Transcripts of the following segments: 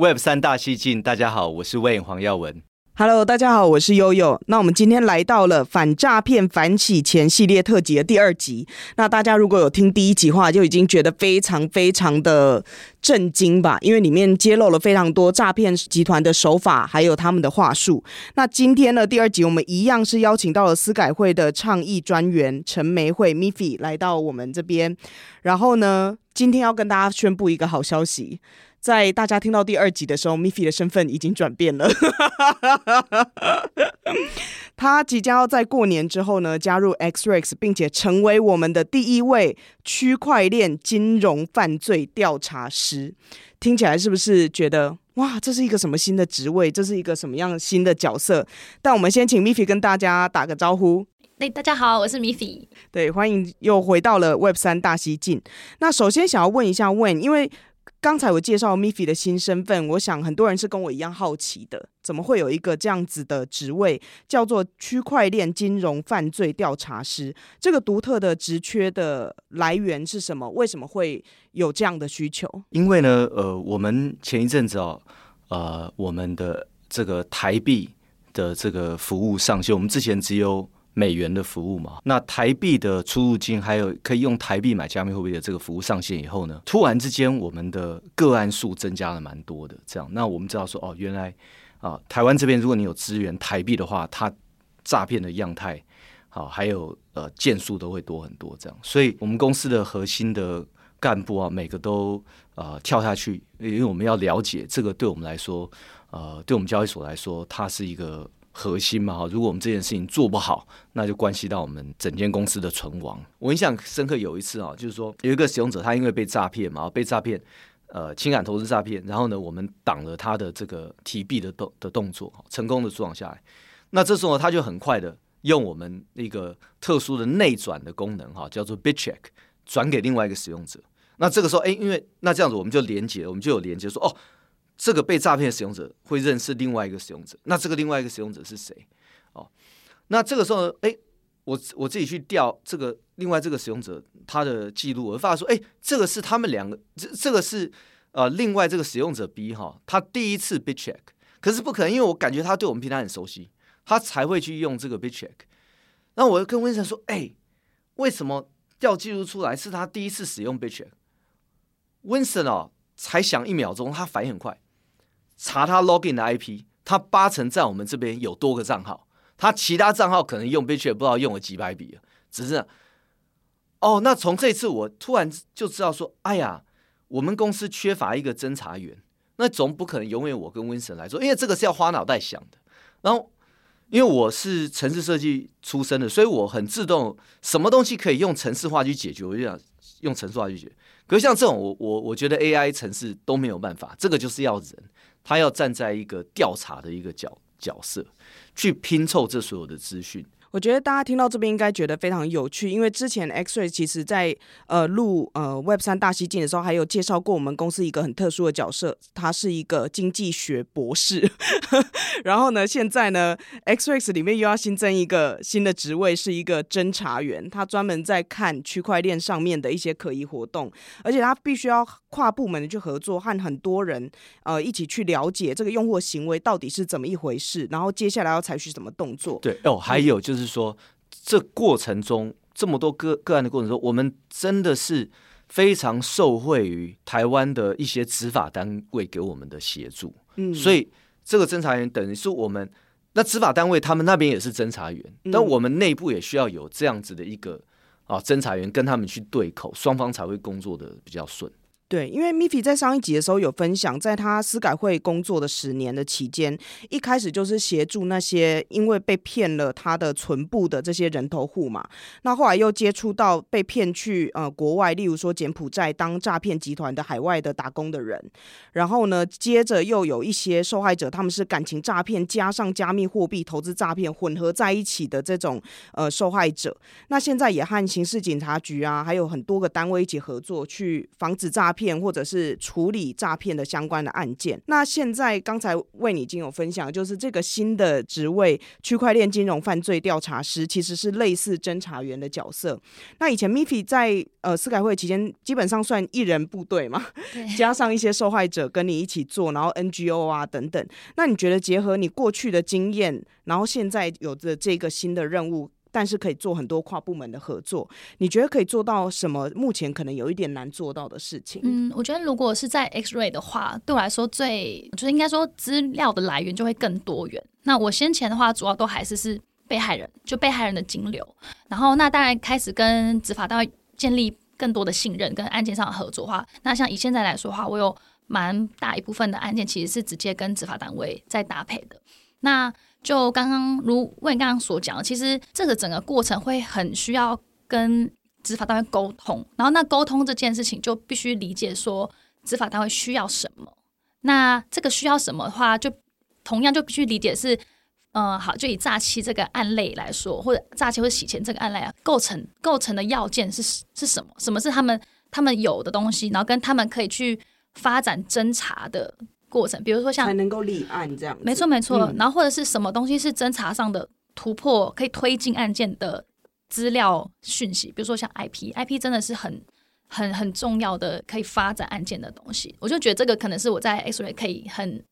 Web3 大西進，大家好，我是 Wayne 黃耀文。Hello，大家好，我是 Yoyo。那我們今天來到了反詐騙反洗錢系列特輯的第二集。那大家如果有聽第一集話，就已經覺得非常非常的震驚吧，因為裡面揭露了非常多詐騙集團的手法，還有他們的話術。那今天呢，第二集我們一樣是邀請到了司改會的倡議專員陳梅慧 Miffy 來到我們這邊。然後呢，今天要跟大家宣布一個好消息。在大家聽到第二集的時候 m i f y 的身份已經轉變了。 他即將要在過年之後呢，加入 XRX，並且成為我們的第一位區塊鏈金融犯罪調查師。聽起來是不是覺得哇，這是一個什麼新的職位？這是一個什麼樣新的角色？但我們先請 m i f y 跟大家打個招呼。大家好，我是 m i f y 對，歡迎又回到了 Web 三大西進。那首先想要問一下 w n 因為剛才我介紹 Miffy 的新身份，我想很多人是跟我一樣好奇的。怎麼會有一個這樣子的職位，叫做區塊鏈金融犯罪調查師？這個獨特的職缺的來源是什麼？為什麼會有這樣的需求？因為呢，呃，我們前一陣子哦，呃，我們的這個台幣的這個服務上線，我們之前只有。美元的服務嘛，那台幣的出入金，還有可以用台幣買加密貨幣的這個服務上線以後呢，突然之間我們的個案數增加了蠻多的。這樣，那我們知道說，哦，原來啊、呃，台灣這邊如果你有支援，台幣的話，它詐騙的樣態，好、哦，還有呃件數都會多很多。這樣，所以我們公司的核心的幹部啊，每個都呃跳下去，因為我們要了解這個，對我們來說，呃，對我們交易所來說，它是一個。核心嘛哈，如果我們這件事情做不好，那就關係到我們整間公司的存亡。我印象深刻有一次啊，就是說有一個使用者他因為被詐騙嘛，被詐騙，呃，情感投資詐騙，然後呢，我們擋了他的這個提幣的動的動作，成功的擋下來。那這時候他就很快的用我們一個特殊的內轉的功能哈，叫做 BitCheck，轉給另外一個使用者。那這個時候哎、欸，因為那這樣子我們就連接，我們就有連接說哦。這個被詐騙的使用者會認識另外一個使用者，那這個另外一個使用者是誰？哦，那這個時候呢？哎，我我自己去調這個另外這個使用者他的記錄，我發現說，哎，這個是他們兩個，這這個是呃另外這個使用者 B 哈、哦，他第一次 Bit check，可是不可能，因為我感覺他對我們平台很熟悉，他才會去用這個 Bit check。那我又跟溫 i n n 說，哎，為什麼調記錄出來是他第一次使用 Bit c h e c k 溫 i n n 哦，才想一秒鐘，他反應很快。查他 login 的 IP，他八成在我們這邊有多個賬號，他其他賬號可能用 b i t 不知道用了幾百筆。只是哦，那從這次我突然就知道說，哎呀，我們公司缺乏一個偵查員，那總不可能永遠我跟 Winston 來說，因為這個是要花腦袋想的。然後，因為我是程式設計出身的，所以我很自動，什麼東西可以用程式化去解決，我就想用程式化去解決。可是像這種，我我我覺得 AI 程式都沒有辦法，這個就是要人。他要站在一個調查的一個角角色，去拼湊這所有的資訊。我覺得大家聽到這邊應該覺得非常有趣，因為之前 XREX 其實在呃錄呃 Web3 大西進的時候，還有介紹過我們公司一個很特殊的角色，他是一個經濟學博士。呵呵然後呢，現在呢，XREX 裡面又要新增一個新的職位，是一個偵查員，他專門在看區塊鏈上面的一些可疑活動，而且他必須要跨部門的去合作，和很多人呃一起去了解這個用戶行為到底是怎麼一回事，然後接下來要採取什麼動作。對，哦，嗯、還有就是。就是說，這過程中這麼多個個案的過程中，我們真的是非常受惠於台灣的一些執法單位給我們的協助。嗯，所以這個偵查員等於是我們那執法單位他們那邊也是偵查員，嗯，但我們內部也需要有這樣子的一個啊偵查員跟他們去對口，雙方才會工作的比較順。對，因為 Miffy 在上一集的時候有分享，在他司改會工作的十年的期間，一開始就是協助那些因為被騙了他的存簿的這些人頭戶嘛，那後來又接觸到被騙去呃國外，例如說柬埔寨當詐騙集團的海外的打工的人，然後呢，接着又有一些受害者，他們是感情詐騙加上加密貨幣投資詐騙混合在一起的這種呃受害者，那現在也和刑事警察局啊，還有很多個單位一起合作去防止詐騙。騙或者是處理詐騙的相關的案件。那現在剛才為你已經有分享，就是這個新的職位——區塊鏈金融犯罪調查師，其實是類似偵查員的角色。那以前 Miffy 在呃司改會期間，基本上算一人部隊嘛，對加上一些受害者跟你一起做，然後 NGO 啊等等。那你覺得結合你過去的經驗，然後現在有著這個新的任務？但是可以做很多跨部門的合作，你覺得可以做到什麼？目前可能有一點難做到的事情？嗯，我覺得如果是在 XREX 的話，對我來說最，就是應該說，資料的來源就會更多元。那我先前的話，主要都還是是被害人，就被害人的金流。然後那當然開始跟執法單位建立更多的信任，跟案件上的合作的話，那像以現在來說的話，我有蠻大一部分的案件其實是直接跟執法單位在搭配的。那就剛剛如 Wayne 你剛剛所講，其實這個整個過程會很需要跟執法單位溝通，然後那溝通這件事情就必須理解說執法單位需要什麼。那這個需要什麼的話，就同樣就必須理解是，嗯、呃，好，就以詐欺這個案例來說，或者詐欺或者洗錢這個案例啊，構成構成的要件是是什麼？什麼是他們他們有的東西，然後跟他們可以去發展偵查的。過程，比如說像才能夠立案，這樣，沒錯沒錯。嗯、然後或者是什麼東西是偵查上的突破，可以推進案件的資料訊息，比如說像 IP，IP IP 真的是很很很重要的可以發展案件的東西。我就覺得這個可能是我在 XREX 可以很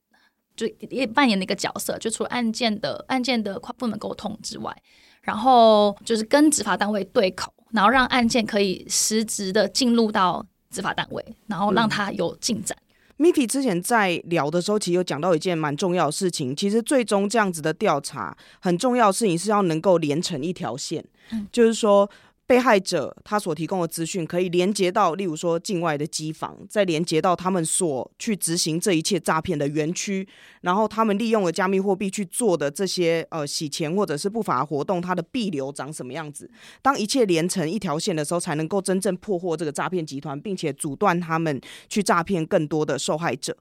就也扮演的一個角色，就除了案件的案件的跨部門溝通之外，然後就是跟執法單位對口，然後讓案件可以實質的進入到執法單位，然後讓它有進展。嗯 Miffy 之前在聊的時候，其實有講到一件蠻重要的事情。其實最終這樣子的調查，很重要的事情是要能夠連成一條線，嗯，就是說。被害者他所提供的資訊可以連接到，例如說境外的機房，再連接到他們所去執行這一切詐騙的園區，然後他們利用了加密貨幣去做的這些呃洗錢或者是不法活動，它的幣流長什麼樣子？當一切連成一條線的時候，才能夠真正破獲這個詐騙集團，並且阻斷他們去詐騙更多的受害者。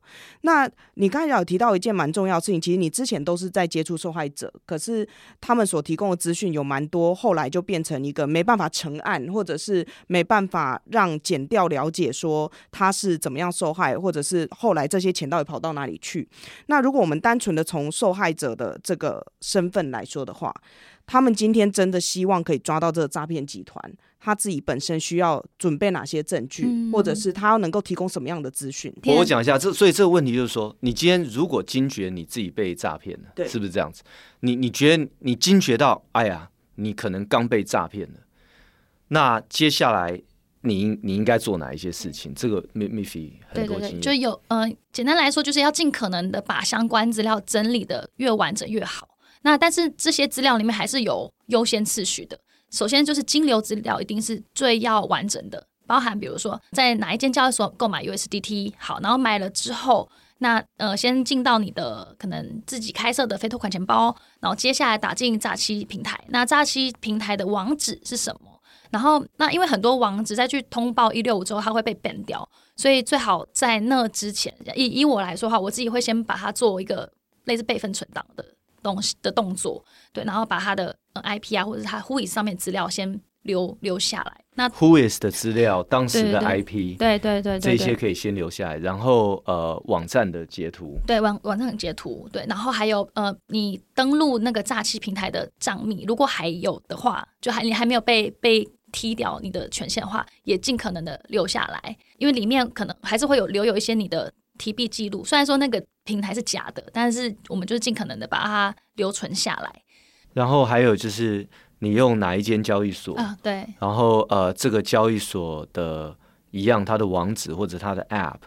那你剛才有提到一件蠻重要的事情，其實你之前都是在接觸受害者，可是他們所提供的資訊有蠻多，後來就變成一個沒辦法。成案，或者是沒辦法讓檢調了解說他是怎麼樣受害，或者是後來這些錢到底跑到哪裡去？那如果我們單純的從受害者的這個身份來說的話，他們今天真的希望可以抓到這個詐騙集團，他自己本身需要準備哪些證據，或者是他能夠提供什麼樣的資訊？嗯、我講一下這，所以這個問題就是說，你今天如果驚覺你自己被詐騙了，對，是不是這樣子？你你覺得你驚覺到，哎呀，你可能剛被詐騙了。那接下來你應你應該做哪一些事情？這個 Miffy 很多經驗。對對，就有呃，簡單來說，就是要盡可能的把相關資料整理的越完整越好。那但是這些資料裡面還是有優先次序的。首先就是金流資料一定是最要完整的，包含比如說在哪一間交易所購買 USDT，好，然後買了之後，那呃先進到你的可能自己開設的非托管錢包，然後接下來打進詐欺平台。那詐欺平台的網址是什麼？然後，那因為很多網址在去通報165之後，它會被 ban 掉，所以最好在那之前，以以我來說的話，我自己會先把它做一個類似備份存檔的東西的動作，對，然後把它的 IP 啊，或者它 Whois 上面的資料先留留下來。那 Whois 的資料，當時的 IP，對對對，對對對對對，這些可以先留下來。然後呃，網站的截圖，對網網站的截圖，對，然後還有呃，你登錄那個詐欺平台的賬密，如果還有的話，就還你還沒有被被。踢掉你的權限的話，也盡可能的留下來，因為裡面可能還是會有留有一些你的提幣記錄。雖然說那個平台是假的，但是我們就是盡可能的把它留存下來。然後還有就是你用哪一間交易所？嗯，對。然後呃，這個交易所的一樣，它的網址或者它的 App。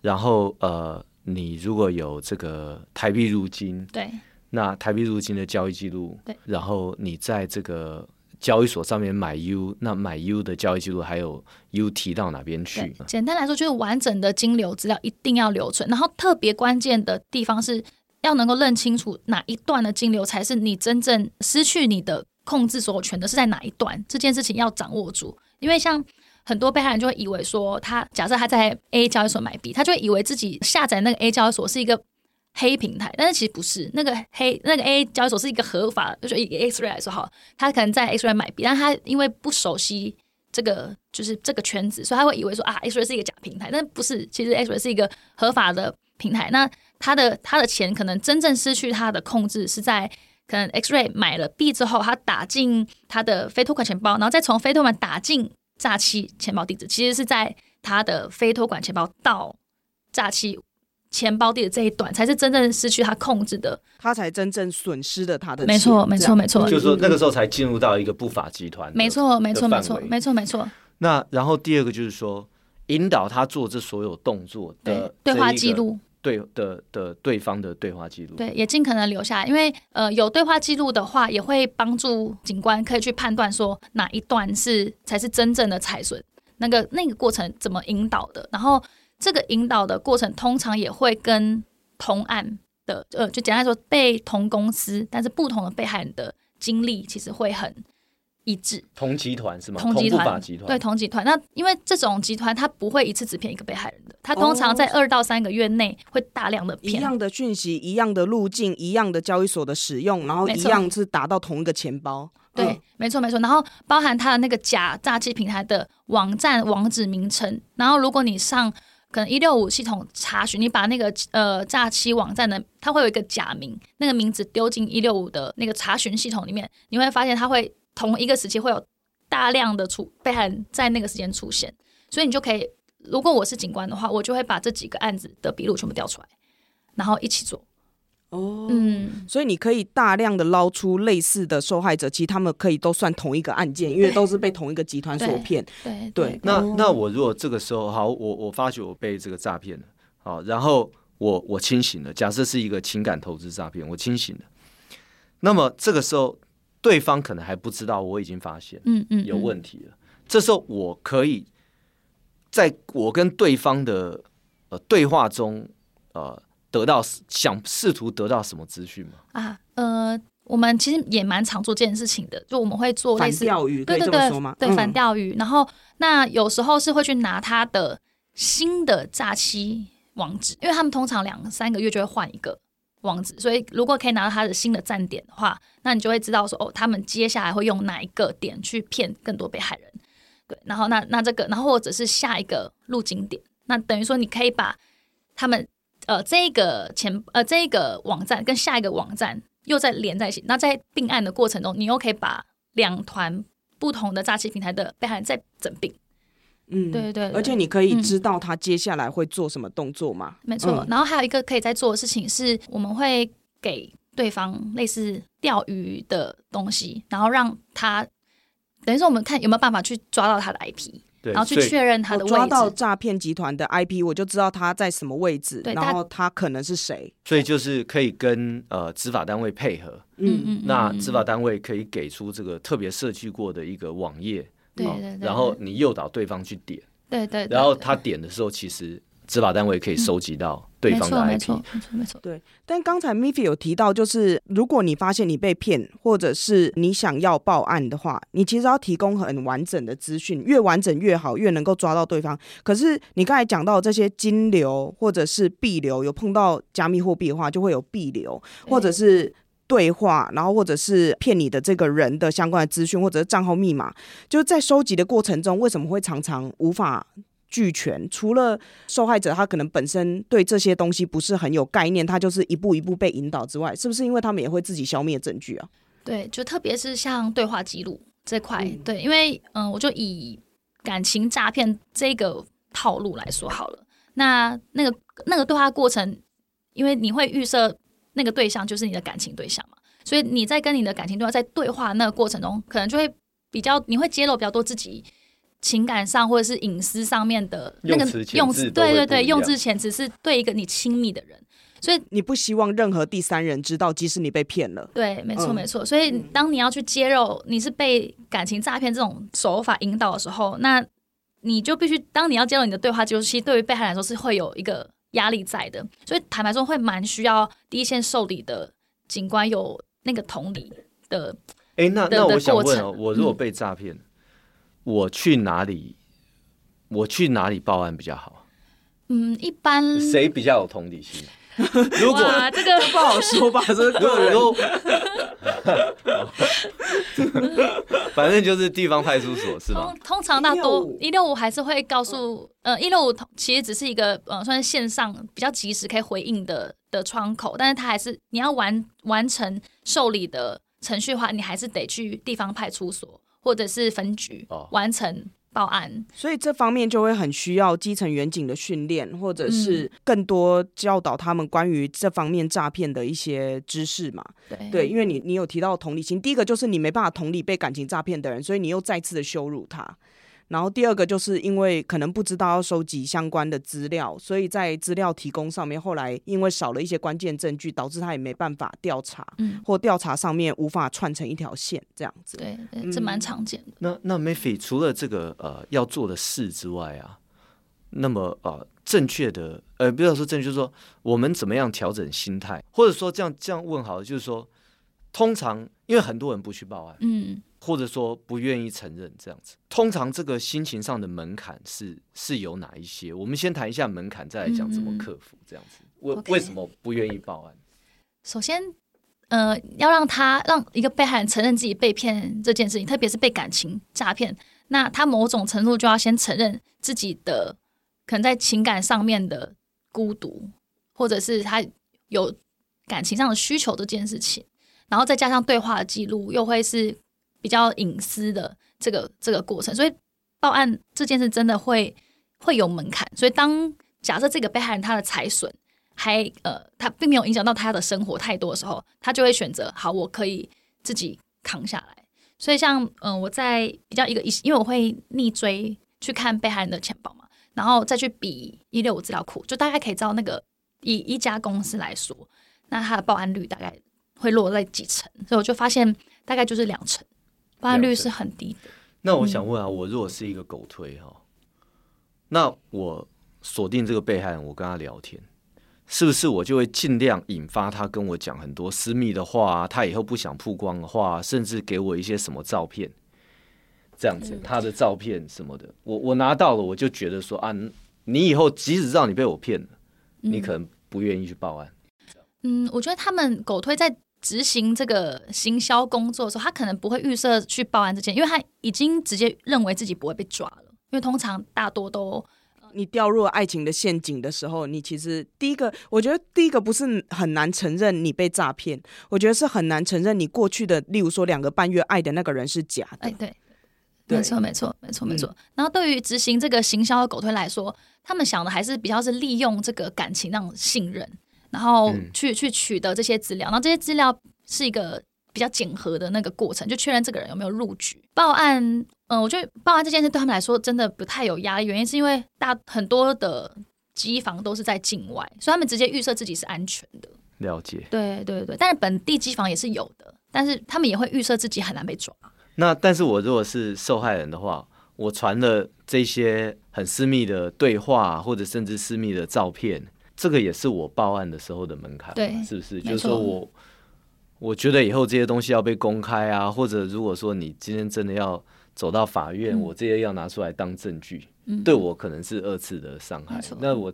然後呃，你如果有這個台幣入金，對。那台幣入金的交易記錄，對。然後你在這個。交易所上面買 U，那買 U 的交易記錄還有 U 提到哪邊去？簡單來說，就是完整的金流資料一定要留存。然後特別關鍵的地方是要能夠認清楚哪一段的金流才是你真正失去你的控制所有權的是在哪一段，這件事情要掌握住。因為像很多被害人就會以為說他，他假設他在 A 交易所買 B，他就會以為自己下載那個 A 交易所是一個。黑平台，但是其實不是那個黑，那個 A 交易所是一個合法，就是以 XREX 來說哈，他可能在 XREX 買幣，但他因為不熟悉，這個就是這個圈子，所以他會以為說啊，XREX 是一個假平台，但不是，其實 XREX 是一個合法的平台。那他的他的錢可能真正失去他的控制，是在可能 XREX 買了幣之後，他打進他的非托管錢包，然後再從非托管打進詐欺錢包地址，其實是在他的非托管錢包到詐欺錢包地的這一段才是真正失去他控制的，他才真正損失了他的錢沒。沒錯，沒錯樣，沒錯、嗯。就是說那個時候才進入到一個不法集團。沒錯，沒錯，沒錯，沒錯，沒錯。那然後第二個就是說，引導他做這所有動作的對，對，對話記錄，對的的，的對方的對話記錄，對，也盡可能留下來，因為呃有對話記錄的話，也會幫助警官可以去判斷說哪一段是才是真正的財損，那個那個過程怎麼引導的，然後。這個引導的過程通常也會跟同案的，呃，就簡單來說，被同公司但是不同的被害人的經歷其實會很一致。同集團是嗎？同集團，同集團。對，同集團。那因為這種集團，他不會一次只騙一個被害人的，他通常在二到三個月內會大量的騙。哦，一樣的訊息，一樣的路徑，一樣的交易所的使用，然後一樣是打到同一個錢包。沒錯，嗯，對，沒錯沒錯。然後包含他的那個假詐欺平台的網站網址名稱，然後如果你上。可能一六五系統查詢，你把那個呃詐欺網站的，它會有一個假名，那個名字丟進一六五的那個查詢系統裡面，你會發現它會同一個時期會有大量的出被害人，在那個時間出現，所以你就可以，如果我是警官的話，我就會把這幾個案子的筆錄全部調出來，然後一起做。哦，oh, 嗯，所以你可以大量的撈出類似的受害者，其實他們可以都算同一個案件，因為都是被同一個集團所騙。對對，那那我如果這個時候好，我我發覺我被這個詐騙了，好，然後我我清醒了，假設是一個情感投資詐騙，我清醒了，那麼這個時候對方可能還不知道我已經發現，嗯嗯，有問題了。嗯嗯嗯，這時候我可以在我跟對方的呃對話中，呃。得到想試圖得到什麼資訊嗎？啊，呃，我們其實也蠻常做這件事情的，就我們會做類似反釣魚，對對對，反釣魚。然後那有時候是會去拿他的新的詐欺網址，因為他們通常兩三個月就會換一個網址，所以如果可以拿到他的新的站點的話，那你就會知道說哦，他們接下來會用哪一個點去騙更多被害人。對，然後那那這個，然後或者是下一個路徑點，那等於說你可以把他們。呃，這個前呃，這個網站跟下一個網站又在連在一起，那在併案的過程中，你又可以把兩團不同的詐欺平台的被害人再整併，嗯，對，對對，而且你可以知道他接下來會做什麼動作嗎？嗯嗯、沒錯，然後還有一個可以在做的事情是，我們會給對方類似釣魚的東西，然後讓他，等於說我們看有沒有辦法去抓到他的 IP。對然後去確認他的位置，抓到詐騙集團的 IP，我就知道他在什麼位置，對然後他可能是誰。對所以就是可以跟呃執法單位配合，嗯嗯，那執法單位可以給出這個特別設計過的一個網頁，嗯、對，對，對對，然後你誘導對方去點，對對，對，對對，然後他點的時候，其實執法單位可以收集到、嗯。嗯對方的 IP。沒錯，沒錯，沒錯，沒錯。對，但剛才 Miffy 有提到，就是如果你發現你被騙，或者是你想要報案的話，你其實要提供很完整的資訊，越完整越好，越能夠抓到對方。可是你剛才講到這些金流或者是幣流，有碰到加密貨幣的話，就會有幣流或者是對話，然後或者是騙你的這個人的相關的資訊或者是賬號密碼，就是在收集的過程中，為什麼會常常無法？俱全？除了受害者他可能本身對這些東西不是很有概念，他就是一步一步被引導之外，是不是因為他們也會自己消滅證據啊？對，就特別是像對話記錄這塊，嗯、對，因為嗯、呃，我就以感情詐騙這個套路來說好了，那那個那個對話過程，因為你會預設那個對象就是你的感情對象嘛，所以你在跟你的感情對話，在對話那個過程中，可能就會比較你會揭露比較多自己。情感上或者是隱私上面的那個用詞，對對對，用字遣詞是對一個你親密的人，所以你不希望任何第三人知道，即使你被騙了。對，沒錯沒錯。嗯、所以當你要去揭露你是被感情詐騙這種手法引導的時候，那你就必須當你要揭露你的對話，就是其實對於被害人來說是會有一個壓力在的。所以坦白說，會蠻需要第一線受理的警官有那個同理的。哎、欸，那那我想問、哦、我如果被詐騙、嗯？我去哪裡？我去哪裡報案比較好？嗯，一般誰比較有同理心？ 如果這個 不好說吧，這個 反正就是地方派出所是吧？通常大多一六五還是會告訴，嗯、呃，一六五其實只是一個嗯，算是線上比較及時可以回應的的窗口，但是它，還是你要完，完成受理的程序的話，你還是得去地方派出所。或者是分局，哦，完成報案，所以這方面就會很需要基層員警的訓練，或者是更多教導他們關於這方面詐騙的一些知識嘛？嗯、對，對，因為你你有提到同理心，第一個就是你沒辦法同理被感情詐騙的人，所以你又再次的羞辱他。然後第二個就是因為可能不知道要收集相關的資料，所以在資料提供上面，後來因為少了一些關鍵證據，導致他也沒辦法調查，嗯、或調查上面無法串成一條線這樣子對。對，這蠻常見的。嗯、那那美 i 除了這個呃要做的事之外啊，那麼呃正確的呃不要說正確，就是說我們怎麼樣調整心態，或者說這樣這樣問好，就是說。通常，因為很多人不去報案，嗯，或者說不願意承認這樣子。通常這個心情上的門檻是是有哪一些？我們先談一下門檻，再來講怎麼克服這樣子。為、嗯嗯 Okay. 為什麼不願意報案？首先，呃，要讓他讓一個被害人承認自己被騙這件事情，特別是被感情詐騙，那他某種程度就要先承認自己的可能在情感上面的孤獨，或者是他有感情上的需求這件事情。然後再加上對話的記錄，又會是比較隱私的這個這個過程，所以報案這件事真的會會有門檻。所以當假設這個被害人他的財損還呃，他並沒有影響到他的生活太多的時候，他就會選擇好，我可以自己扛下來。所以像嗯、呃，我在比較一個一，因為我會逆追去看被害人的錢包嘛，然後再去比一六五資料庫，就大概可以知道那個以一家公司來說，那他的報案率大概會落在幾層？所以我就發現，大概就是兩層，報案率是很低的。那我想問啊，我如果是一個狗推哈，嗯、那我鎖定這個被害人，我跟他聊天，是不是我就會盡量引發他跟我講很多私密的話、啊？他以後不想曝光的話，甚至給我一些什麼照片，這樣子，嗯、他的照片什麼的，我我拿到了，我就覺得說啊，你以後即使知道你被我騙了，嗯、你可能不願意去報案。嗯，我覺得他們狗推在執行這個行銷工作的時候，他可能不會預設去報案這件事，因為他已經直接認為自己不會被抓了。因為通常大多都，呃、你掉入愛情的陷阱的時候，你其實第一個，我覺得第一個不是很難承認你被詐騙，我覺得是很難承認你過去的，例如說兩個半月愛的那個人是假的。哎，對，沒錯，對，沒錯，沒錯，沒錯，沒錯、嗯。然後對於執行這個行銷的狗推來說，他們想的還是比較是利用這個感情那種信任。然後去、嗯、去取得這些資料，然後這些資料是一個比較整合的那個過程，就確認這個人有沒有入局報案。嗯、呃，我覺得報案這件事對他們來說真的不太有壓力，原因是因為大很多的機房都是在境外，所以他們直接預設自己是安全的。了解。對，對對對，但是本地機房也是有的，但是他們也會預設自己很難被抓。那但是我如果是受害人的話，我傳了這些很私密的對話或者甚至私密的照片。這個也是我報案的時候的門檻，對是不是？錯就是說我，我覺得以後這些東西要被公開啊，或者如果說你今天真的要走到法院，嗯、我這些要拿出來當證據，嗯、對我可能是二次的傷害。錯那我。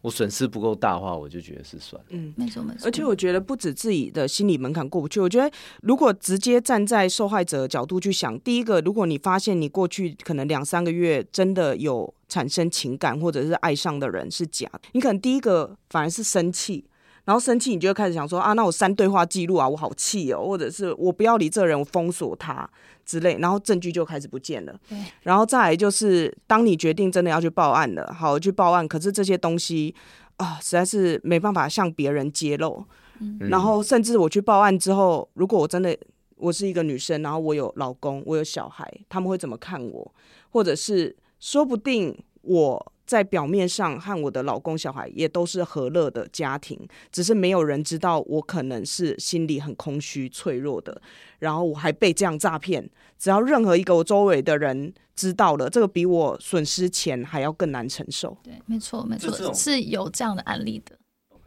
我損失不夠大的話，我就覺得是算了。嗯，沒錯沒錯。而且我覺得不止自己的心理門檻過不去，我覺得如果直接站在受害者的角度去想，第一個，如果你發現你過去可能兩三個月真的有產生情感或者是愛上的人是假的，你可能第一個反而是生氣。然後生氣，你就會開始想說啊，那我刪對話記錄啊，我好氣哦，或者是我不要理這人，我封鎖他之類。然後證據就開始不見了。對然後再來就是，當你決定真的要去報案了，好，去報案，可是這些東西啊，實在是沒辦法向別人揭露。嗯，然後甚至我去報案之後，如果我真的我是一個女生，然後我有老公，我有小孩，他們會怎麼看我？或者是說不定我。在表面上和我的老公、小孩也都是和樂的家庭，只是沒有人知道我可能是心裡很空虛、脆弱的。然後我還被這樣詐騙，只要任何一個我周圍的人知道了，這個比我損失錢還要更難承受。對，沒錯，沒錯，種是有這樣的案例的，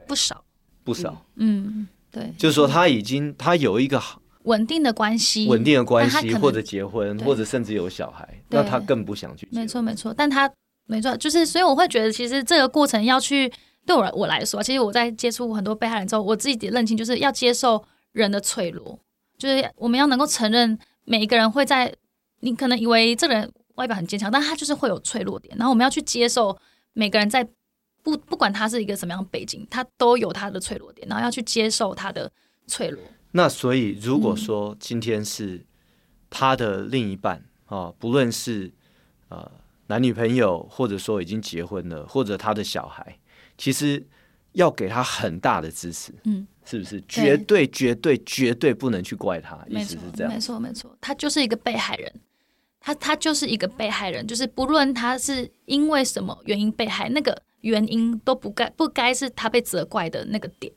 不少，不少。嗯，嗯，對，就是說他已經他有一個好穩定的關係，穩定的關係或者結婚，對或者甚至有小孩，對那他更不想去。沒錯，沒錯，但他。沒錯，就是所以我會覺得，其實這個過程要去對我我來說，其實我在接觸很多被害人之後，我自己也認清，就是要接受人的脆弱，就是我們要能夠承認每一個人會在你可能以為這個人外表很堅強，但他就是會有脆弱點，然後我們要去接受每個人在不不管他是一個什麼樣的背景，他都有他的脆弱點，然後要去接受他的脆弱。那所以如果說今天是他的另一半啊、嗯哦，不論是呃。男女朋友，或者說已經結婚了，或者他的小孩，其實要給他很大的支持，嗯，是不是？絕對、對絕對、絕對不能去怪他，沒錯，意思是這樣？沒錯，沒錯，他就是一個被害人，他他就是一個被害人，就是不論他是因為什麼原因被害，那個原因都不該不該是他被責怪的那個點。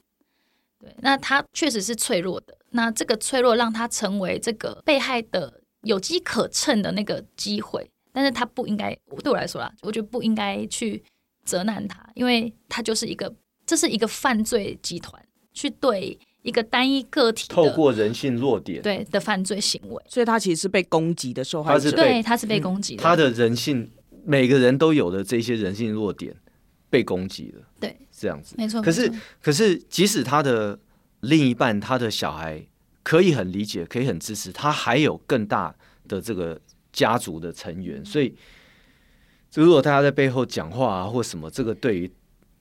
對，那他確實是脆弱的，那這個脆弱讓他成為這個被害的有機可乘的那個機會。但是他不應該，對我來說啦，我覺得不應該去責難他，因為他就是一個，這是一個犯罪集團去對一個單一個體透過人性弱點對的犯罪行為，所以他其實是被攻擊的受害者，他是對，他是被攻擊的、嗯，他的人性，每個人都有的這些人性弱點被攻擊了，對，這樣子沒錯。可是，沒錯。可是即使他的另一半、他的小孩可以很理解，可以很支持他，還有更大的這個。家族的成員，所以如果大家在背後講話啊或什麼，這個對於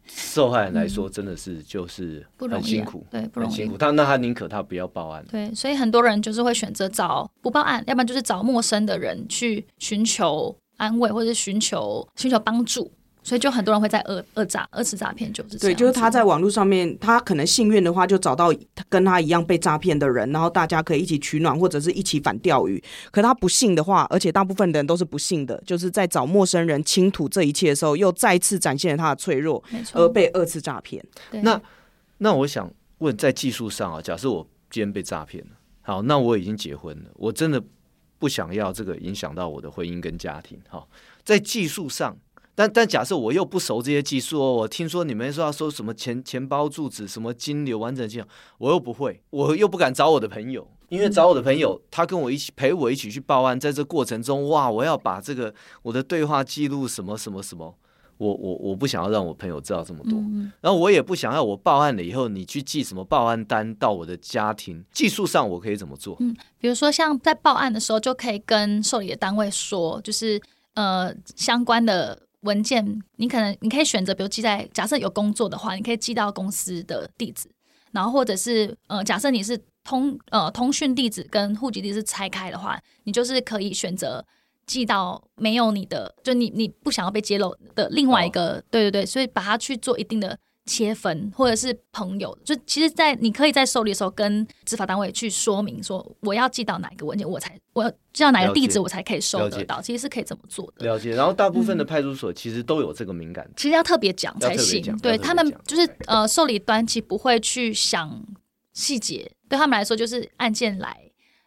受害人來說真的是就是很辛苦，不容易啊、對，不容易很辛苦。他那他寧可他不要報案，對，所以很多人就是會選擇找不報案，要不然就是找陌生的人去尋求安慰，或者是尋求尋求幫助。所以就很多人會在二二詐二次詐騙，就是對，就是他在網絡上面，他可能幸運的話，就找到跟他一樣被詐騙的人，然後大家可以一起取暖，或者是一起反釣魚。可他不幸的話，而且大部分的人都是不幸的，就是在找陌生人傾吐這一切的時候，又再次展現了他的脆弱，沒錯而被二次詐騙。對那那我想問，在技術上啊，假設我今天被詐騙了，好，那我已經結婚了，我真的不想要這個影響到我的婚姻跟家庭。好，在技術上。但但假設我又不熟這些技術哦，我聽說你們說要說什麼錢錢包住址什麼金流完整性，我又不會，我又不敢找我的朋友，因為找我的朋友，他跟我一起陪我一起去報案，在這過程中，哇，我要把這個我的對話記錄什麼什麼什麼，我我我不想要讓我朋友知道這麼多，嗯嗯然後我也不想要我報案了以後你去寄什麼報案單到我的家庭，技術上我可以怎麼做？嗯，比如說像在報案的時候就可以跟受理的單位說，就是呃相關的。文件，你可能你可以選擇，比如寄在假設有工作的話，你可以寄到公司的地址，然後或者是呃，假設你是通呃通訊地址跟戶籍地址是拆開的話，你就是可以選擇寄到沒有你的，就你你不想要被揭露的另外一個，哦、對對對，所以把它去做一定的。切分，或者是朋友，就其實在，在你可以在受理的時候跟執法單位去說明，說我要寄到哪個文件，我才我要寄到哪個地址，我才可以收得到。了解。其實是可以怎麼做的？了解。然後大部分的派出所其實都有這個敏感。嗯，其實要特別講才行，對他們就是對，呃受理端，其實不會去想細節，對他們來說就是案件來，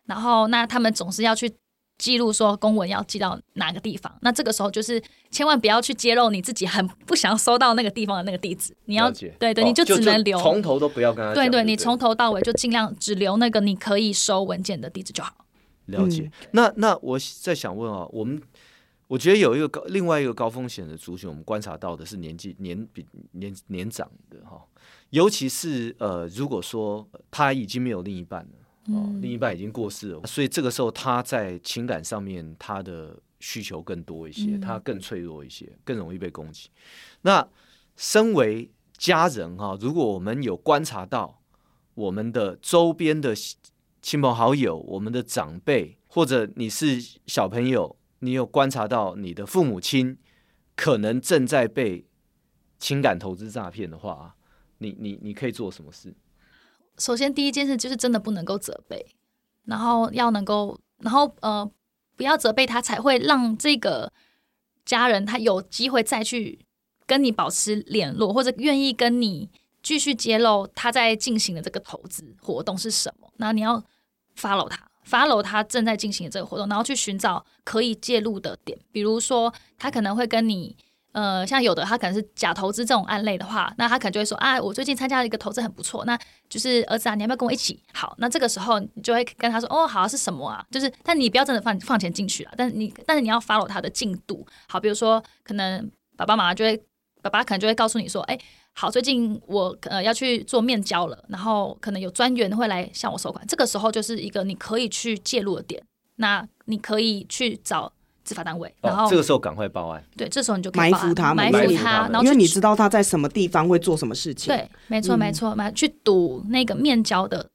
然後那他們總是要去。記錄說公文要寄到哪個地方？那這個時候就是千萬不要去揭露你自己很不想要收到那個地方的那個地址。你要了解。對對，哦、你就只能留從頭都不要跟他講。對對，你從頭到尾就尽量只留那個你可以收文件的地址就好。嗯、了解。那那我在想問啊，我們我覺得有一個高另外一個高風險的族群，我們觀察到的是年紀年比年年長的哈、哦，尤其是呃，如果說他已經沒有另一半了。哦，另一半已經過世了，所以這個時候他在情感上面他的需求更多一些，嗯、他更脆弱一些，更容易被攻擊。那身為家人哈、哦，如果我們有觀察到我們的周邊的親朋好友、我們的長輩，或者你是小朋友，你有觀察到你的父母親可能正在被情感投資詐騙的話，你你你可以做什麼事？首先，第一件事就是真的不能夠責備，然後要能夠，然後呃，不要責備他，才會讓這個家人他有機會再去跟你保持聯絡，或者願意跟你繼續揭露他在進行的這個投資活動是什麼。那你要 follow 他，follow 他正在進行的這個活動，然後去尋找可以介入的點，比如說他可能會跟你。呃，像有的他可能是假投資這種案例的話，那他可能就會說啊，我最近參加了一個投資很不錯，那就是兒子啊，你要不要跟我一起？好，那這個時候你就會跟他說哦，好像是什麼啊？就是，但你不要真的放放錢進去了，但你但是你要 follow 他的進度，好，比如說可能爸爸媽媽就會，爸爸可能就會告訴你說，哎、欸，好，最近我呃要去做面交了，然後可能有專員會來向我收款，這個時候就是一個你可以去介入的點，那你可以去找。執法單位，然後這個時候趕快報案。對，這時候你就埋伏他，埋伏他，然後因為你知道他在什麼地方會做什麼事情。對，沒錯，沒錯，去堵那個面交的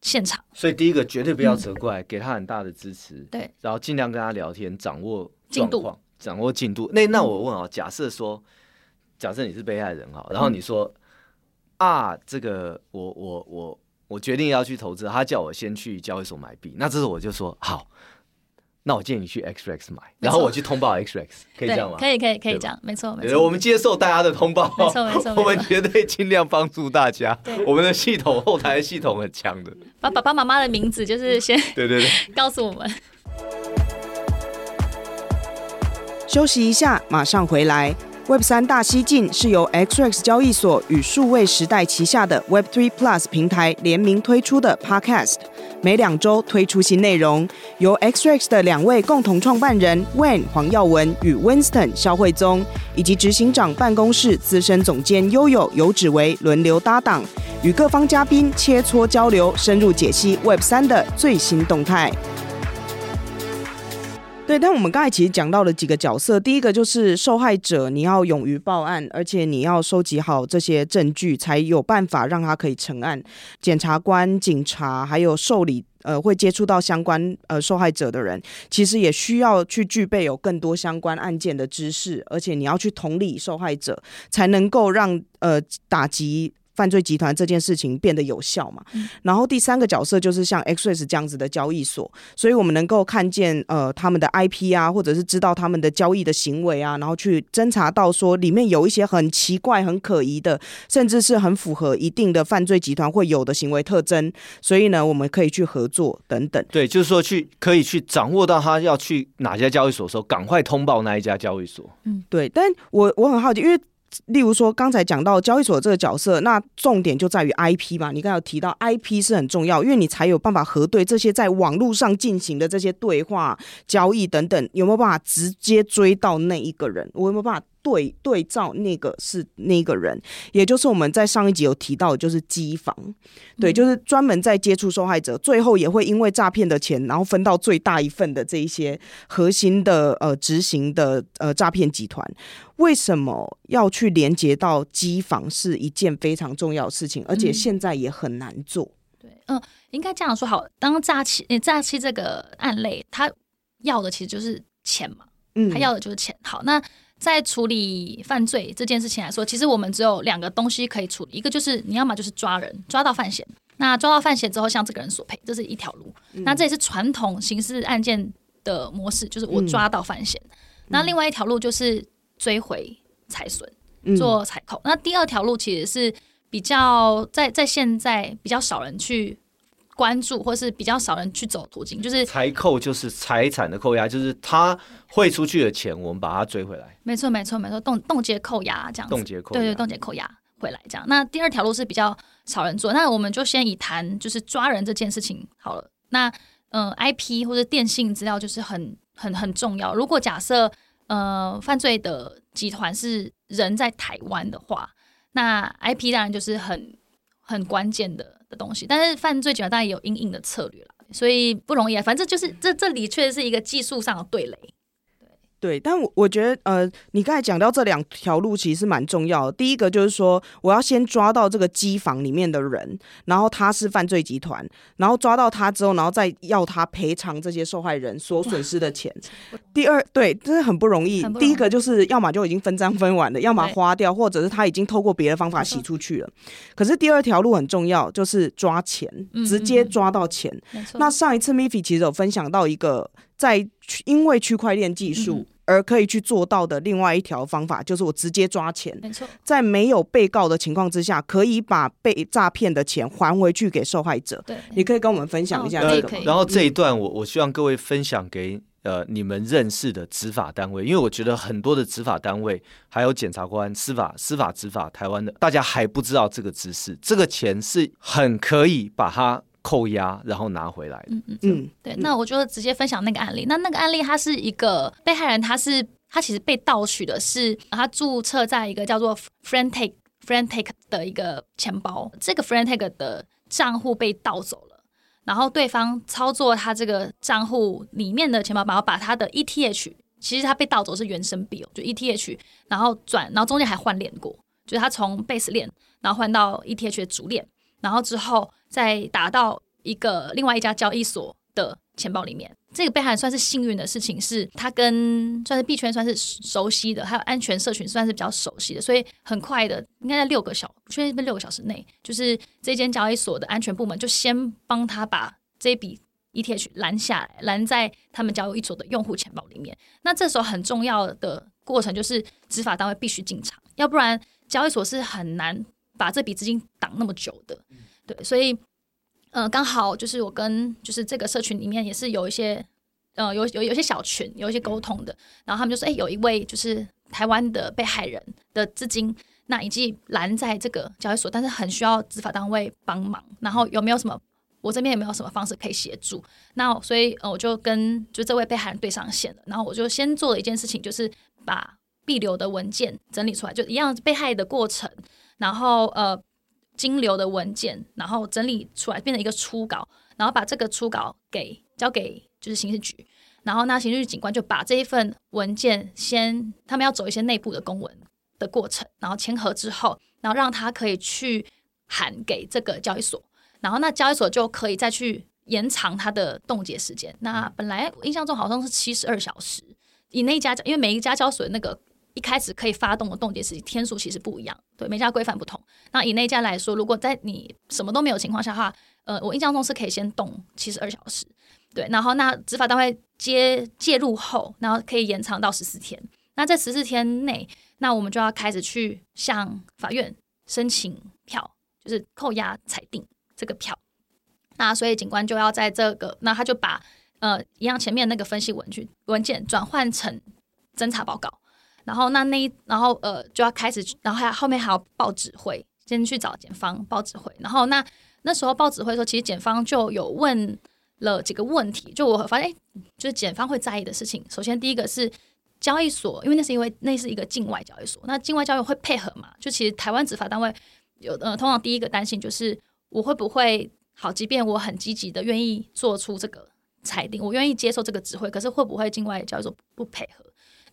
現場。所以第一個絕對不要責怪，給他很大的支持。對，然後盡量跟他聊天，掌握進度，掌握進度。那那我問啊，假設說，假設你是被害人哈，然後你說啊，這個我我我我決定要去投資，他叫我先去交易所買幣，那這時候我就說好。那我建議你去 XREX 買，錯然後我去通報 XREX，可以這樣嗎？可以，可以，可以這樣吧，沒錯，沒錯。我們接受大家的通報，沒錯對，沒錯。我們絕對盡量幫助大家，我們的系統對後臺系統很強的。把爸爸媽媽的名字就是先對對對，告訴我們。休息一下，馬上回來。Web3 大西進是由 XREX 交易所與數位時代旗下的 Web Three Plus 平台聯名推出的 Podcast。每兩周推出新內容，由 XREX 的兩位共同創辦人 Wayne 黃耀文與 Winston 蕭滙宗，以及執行長辦公室資深總監 Yoyo 尤芷薇輪流搭檔，與各方嘉賓切磋交流，深入解析 Web 三的最新動態。對，但我們剛才其實講到了幾個角色，第一個就是受害者，你要勇於報案，而且你要收集好這些證據，才有辦法讓他可以成案。檢察官、警察還有受理呃會接觸到相關呃受害者的人，其實也需要去具備有更多相關案件的知識，而且你要去同理受害者，才能夠讓呃打擊。犯罪集團這件事情變得有效嘛？嗯、然後第三個角色就是像 XREX 交易所這樣子的交易所，所以我們能夠看見呃他們的 IP 啊，或者是知道他們的交易的行為啊，然後去偵查到說裡面有一些很奇怪、很可疑的，甚至是很符合一定的犯罪集團會有的行為特徵，所以呢，我們可以去合作等等。對，就是說去可以去掌握到他要去哪家交易所的時候，趕快通報那一家交易所。嗯，對，但我我很好奇，因為。例如說，剛才講到交易所這個角色，那重點就在於 IP 嘛。你剛才有提到 IP 是很重要，因為你才有辦法核對這些在網絡上進行的這些對話、交易等等，有沒有辦法直接追到那一個人？我有沒有辦法？對，對照那個是那個人，也就是我們在上一集有提到，就是機房，嗯、對，就是專門在接觸受害者，最後也會因為詐騙的錢，然後分到最大一份的這一些核心的呃執行的呃詐騙集團，為什麼要去連接到機房，是一件非常重要的事情，嗯、而且現在也很難做。對，嗯、呃，應該這樣說好。當詐欺，詐欺這個案類，他要的其實就是錢嘛，嗯，他要的就是錢。好，那。在處理犯罪這件事情來說，其實我們只有兩個東西可以處理，一個就是你要麼就是抓人，抓到犯嫌，那抓到犯嫌之後，向這個人索賠，這是一條路，嗯、那這也是傳統刑事案件的模式，就是我抓到犯嫌、嗯嗯、那另外一條路就是追回財損，做財扣。嗯、那第二條路其實是比較在在現在比較少人去。關注，或是比較少人去走途徑，就是財扣，就是財產的扣押，就是他匯出去的錢，我們把他追回來。沒錯，沒錯，沒錯，凍凍結扣押這樣，凍結扣押，對對對，凍結扣押回來這樣。那第二條路是比較少人做，那我們就先以談就是抓人這件事情好了。那嗯、呃，IP 或者電信資料就是很很很重要。如果假設呃犯罪的集團是人在台灣的話，那 IP 當然就是很很關鍵的。的東西，但是犯罪集團當然也有因應的策略了，所以不容易啊。反正就是這這裡確實是一個技術上的對壘。對，但我我覺得，呃，你剛才講到這兩條路，其實蠻重要的。第一個就是說，我要先抓到這個機房裡面的人，然後他是犯罪集團，然後抓到他之後，然後再要他賠償這些受害人所損失的錢。哇第二，對，真的很不容易。容易第一個就是，要麼就已經分贓分完了，嗯、要麼花掉，對或者是他已經透過別的方法洗出去了。錯可是第二條路很重要，就是抓錢，嗯、直接抓到錢。嗯、那上一次 Miffy 其實有分享到一個。在因為區塊鏈技術而可以去做到的另外一條方法，嗯、就是我直接抓錢。沒錯，在沒有被告的情況之下，可以把被詐騙的錢還回去給受害者。對，嗯、你可以跟我們分享一下這個。嗯嗯嗯、然後這一段我，我我希望各位分享給呃你們認識的執法單位，因為我覺得很多的執法單位還有檢察官、司法司法執法台灣的大家還不知道這個知識，這個錢是很可以把它扣押，然後拿回來嗯。嗯嗯嗯，對。嗯、那我就直接分享那個案例。嗯、那那個案例，它是一個被害人它，他是他其實被盜取的是他註冊在一個叫做 FriendTech FriendTech、嗯、的一個錢包。這個 FriendTech 的賬戶被盜走了，然後對方操作他這個賬戶裡面的錢包，然後把他的 ETH，其實他被盜走是原生幣哦，就 ETH，然後轉，然後中間還換鏈過，就是他從 Base 鏈，然後換到 ETH 的主鏈。然後之後再打到一個另外一家交易所的錢包裡面。這個被害人算是幸運的事情是，是他跟算是幣圈算是熟悉的，還有安全社群算是比較熟悉的，所以很快的，應該在六個小，圈，不確定六個小時內，就是這間交易所的安全部門就先幫他把這筆 ETH 攔下來，攔在他們交易所的用戶錢包裡面。那這時候很重要的過程就是，執法單位必須進場，要不然交易所是很難把這筆資金擋那麼久的，對，所以，嗯、呃，剛好就是我跟就是這個社群裡面也是有一些，呃，有有有些小群，有一些溝通的，嗯、然後他們就說，哎、欸，有一位就是台灣的被害人的資金，那已經攔在這個交易所，但是很需要執法單位幫忙，然後有沒有什麼，我這邊有沒有什麼方式可以協助？那所以，呃，我就跟就這位被害人對上線了，然後我就先做了一件事情，就是把必留的文件整理出來，就一樣被害的過程。然後呃，金流的文件，然後整理出來，變成一個初稿，然後把這個初稿給交給就是刑事局，然後那刑事局警官就把這一份文件先，他們要走一些內部的公文的過程，然後簽核之後，然後讓他可以去喊給這個交易所，然後那交易所就可以再去延長它的凍結時間。那本來我印象中好像是七十二小時以內交，因為每一家交易所的那個。一開始可以發動的凍結時間天數其實不一樣，對每家規範不同。那以那家來說，如果在你什麼都沒有情況下的話，呃，我印象中是可以先凍七十二小時，對。然後那執法單位接介入後，然後可以延長到十四天。那在十四天內，那我們就要開始去向法院申請票，就是扣押裁定這個票。那所以警官就要在這個，那他就把呃一樣前面那個分析文具文件轉換成偵查報告。然後那那一然後呃就要開始，然後還後面還要報指揮，先去找檢方報指揮。然後那那時候報指揮的時候，其實檢方就有問了幾個問題，就我發現，就是檢方會在意的事情。首先第一個是交易所，因為那是因為那是一個境外交易所，那境外交易會配合嘛？就其實台灣執法單位有的、呃，通常第一個擔心就是我會不會好，即便我很積極的願意做出這個裁定，我願意接受這個指揮，可是會不會境外交易所不配合？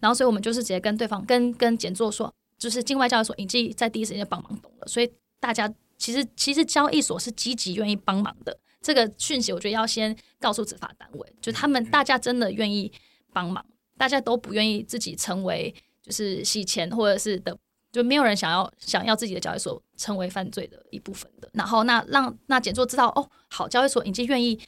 然後，所以我們就是直接跟對方、跟跟檢座說，就是境外交易所已經在第一時間幫忙。懂了。所以大家其實其實交易所是積極願意幫忙的。這個訊息，我覺得要先告訴執法單位，就是、他們大家真的願意幫忙，大家都不願意自己成為就是洗錢或者是等，就沒有人想要想要自己的交易所成為犯罪的一部分的。然後那讓那檢座知道，哦，好，交易所已經願意。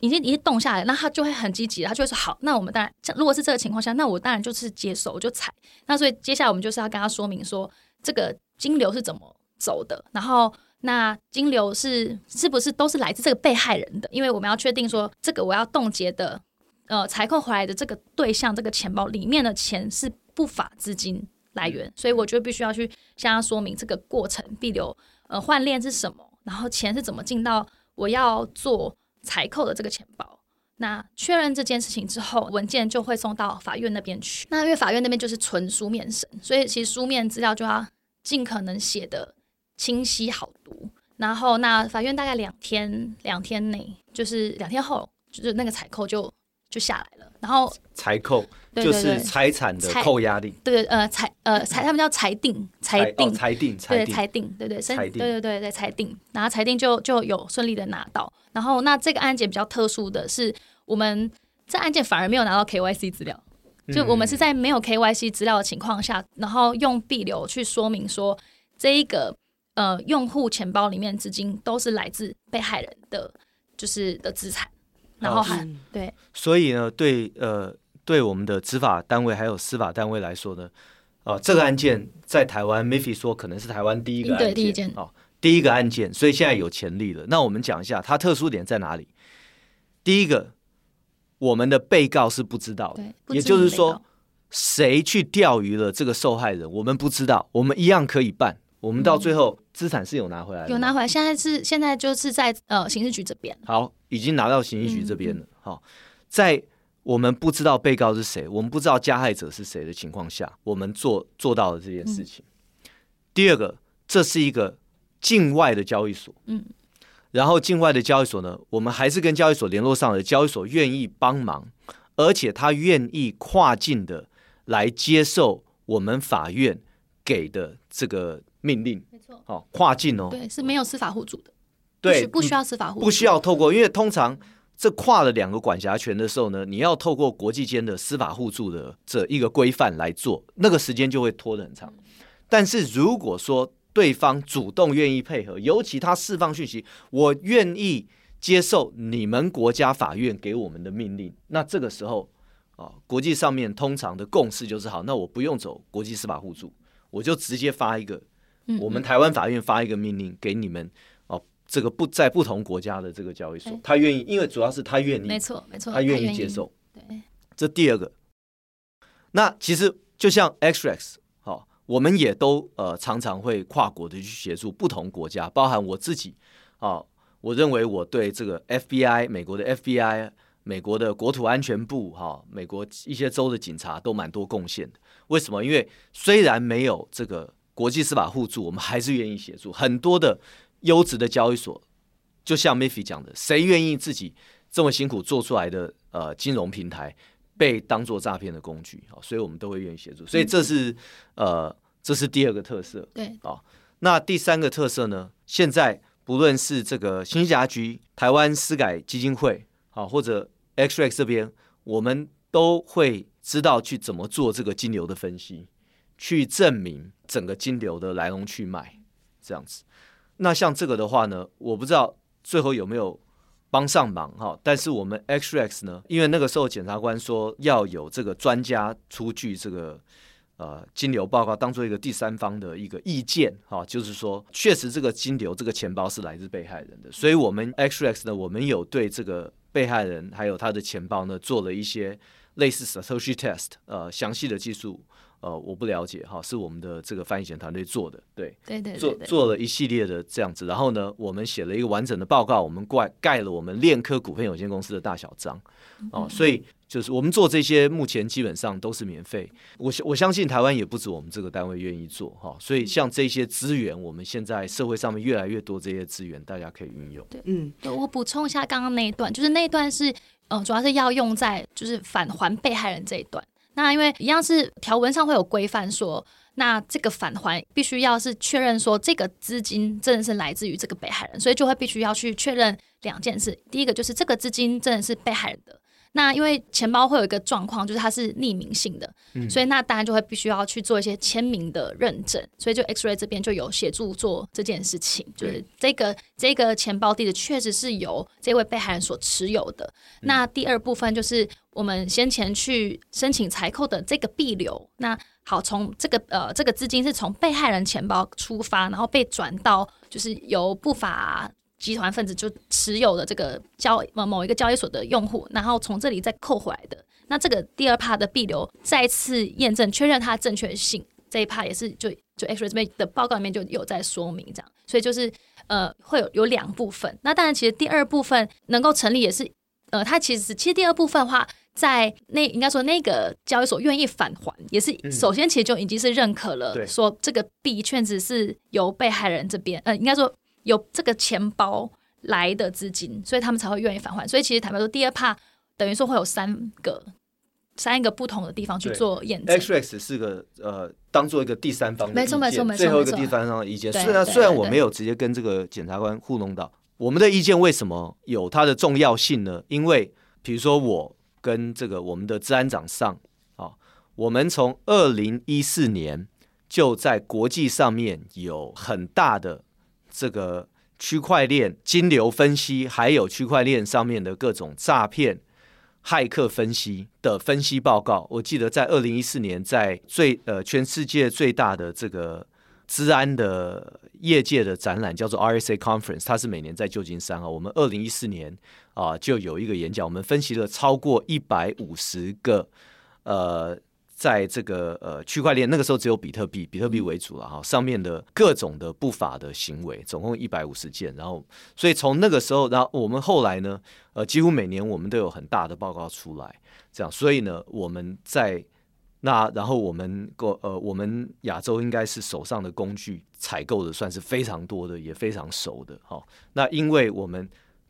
已經已經凍下來，那他就會很積極，他就會說好，那我們當然，像如果是這個情況下，那我當然就是接手，我就踩。’那所以接下來我們就是要跟他說明說，這個金流是怎麼走的，然後那金流是是不是都是來自這個被害人的？因為我們要確定說，這個我要凍結的，呃，查扣回來的這個對象，這個錢包裡面的錢是不法資金來源，所以我就必須要去向他說明這個過程，幣流呃換鏈是什麼，然後錢是怎麼進到我要做。查扣的這個錢包，那確認這件事情之後，文件就會送到法院那邊去。那因為法院那邊就是純書面審，所以其實書面資料就要盡可能寫的清晰好讀。然後那法院大概兩天，兩天內就是兩天後，就是那個查扣就就下來。然後財扣，對對對，就是財產的扣押令，對呃財呃財他們叫裁定裁定裁、哦、定裁定裁定對對定對對對對裁定，裁定然後裁定就就有順利的拿到。然後那這個案件比較特殊的是，我們這案件反而沒有拿到 KYC 資料，就我們是在沒有 KYC 資料的情況下，嗯、然後用幣流去說明說，這一個呃用戶錢包裡面資金都是來自被害人的就是的資產。然後喊對，嗯、所以呢，對呃，對我們的執法單位還有司法單位來說呢，呃、這個案件在台灣對 Miffy 說可能是台灣第一個案件，對，第一件哦，第一個案件，所以現在有潛力了。對那我們講一下它特殊點在哪裡？第一個，我們的被告是不知道的，也就是說，誰去釣魚了這個受害人，我們不知道，我們一樣可以辦。我們到最後，資產是有拿回來的。嗯，有拿回來。現在是，現在就是在呃刑事局這邊。好，已經拿到刑事局這邊了。嗯、好，在我們不知道被告是誰，我們不知道加害者是誰的情況下，我們做做到了這件事情。嗯、第二個，這是一個境外的交易所，嗯，然後境外的交易所呢，我們還是跟交易所聯絡上了，交易所願意幫忙，而且他願意跨境的來接受我們法院給的這個。命令，沒錯，好、哦、跨境哦，對，是沒有司法互助的，對不，不需要司法互助的，不需要透過，因為通常這跨了兩個管轄權的時候呢，你要透過國際間的司法互助的這一個規範來做，那個時間就會拖得很長。但是如果說對方主動願意配合，尤其他釋放訊息，我願意接受你們國家法院給我們的命令，那這個時候啊、哦，國際上面通常的共識就是好，那我不用走國際司法互助，我就直接發一個。 我們台灣法院發一個命令給你們，哦，這個不在不同國家的這個交易所，他願意，因為主要是他願意，沒錯沒錯，他願意接受。對，這第二個，那其實就像 XREX，好，我們也都呃常常會跨國的去協助不同國家，包含我自己，我認為我對這個 FBI 美國的 FBI 美國的國土安全部，美國一些州的警察都蠻多貢獻的。為什麼？因為雖然沒有這個。國際司法互助，我們還是願意協助很多的優質的交易所，就像 Miffy 講的，誰願意自己這麼辛苦做出來的呃金融平台被當做詐騙的工具啊、哦？所以我們都會願意協助，所以這是嗯嗯呃這是第二個特色，對、哦、那第三個特色呢？現在不論是這個新家局、台灣私改基金會，好、哦、或者 XREX 這邊，我們都會知道去怎麼做這個金流的分析。去證明整個金流的來龍去脈，這樣子。那像這個的話呢，我不知道最後有沒有幫上忙哈、哦。但是我們 XREX 呢，因為那個時候檢察官說要有這個專家出具這個呃金流報告，當做一個第三方的一個意見哈、哦，就是說確實這個金流這個錢包是來自被害人的。所以我們 XREX 呢，我們有對這個被害人還有他的錢包呢做了一些類似 Satoshi test 呃詳細的技術。呃，我不了解哈，是我們的這個翻譯團隊做的，對對對，對，對對，做做了一系列的這樣子，然後呢，我們寫了一個完整的報告，我們蓋蓋了我們鏈科股份有限公司的大小章，嗯嗯嗯哦，所以就是我們做這些，目前基本上都是免費，我我相信台灣也不止我們這個單位願意做哈、哦，所以像這些資源，我們現在社會上面越來越多這些資源，大家可以運用。對，嗯，我補充一下剛剛那一段，就是那一段是，呃，主要是要用在就是返還被害人這一段。那因為一樣是條文上會有規範說，那這個返還必須要是確認說這個資金真的是來自於這個被害人，所以就會必須要去確認兩件事，第一個就是這個資金真的是被害人的。那因為錢包會有一個狀況，就是它是匿名性的，嗯、所以那當然就會必須要去做一些簽名的認證，所以就 XREX 這邊就有協助做這件事情，嗯、就是這個這個錢包地址確實是由這位被害人所持有的。嗯、那第二部分就是我們先前去申請查扣的這個幣流。那好，從這個呃這個資金是從被害人錢包出發，然後被轉到就是由不法。集團分子就持有了這個交某某一個交易所的用戶，然後從這裡再扣回來的，那這個第二 part 的幣流再次驗證確認它的正確性，這一 part 也是就就 XREX 這邊的報告裡面就有在說明這樣，所以就是呃會有有兩部分，那當然其實第二部分能夠成立也是呃它其實其實第二部分的話，在那應該說那個交易所願意返還，也是、嗯、首先其實就已經是認可了說這個幣確實是由被害人這邊對呃應該說。有這個錢包來的資金，所以他們才會願意返還。所以其實坦白說，第二趴等於說會有三個、三個不同的地方去做驗證。XREX 是個呃，當做一個第三方的沒，沒錯沒錯沒錯。最後一個第三方的意見，對錯雖然對雖然我沒有直接跟這個檢察官互動到，我們的意見為什麼有它的重要性呢？因為比如說我跟這個我們的治安長上啊、哦，我們從二零一四年就在國際上面有很大的。這個區塊鏈金流分析，還有區塊鏈上面的各種詐騙、駭客分析的分析報告，我記得在二零一四年，在最呃全世界最大的這個資安的業界的展覽，叫做 RSA Conference，它是每年在舊金山啊，我們二零一四年啊、呃、就有一個演講，我們分析了超過一百五十個呃。在這個呃區塊鏈那個時候只有比特幣，比特幣為主了哈，上面的各種的不法的行為，總共一百五十件，然後所以從那個時候，然後我們後來呢，呃幾乎每年我們都有很大的報告出來，這樣，所以呢我們在那，然後我們過呃我們亞洲應該是手上的工具採購的算是非常多的，也非常熟的哈、哦，那因為我們。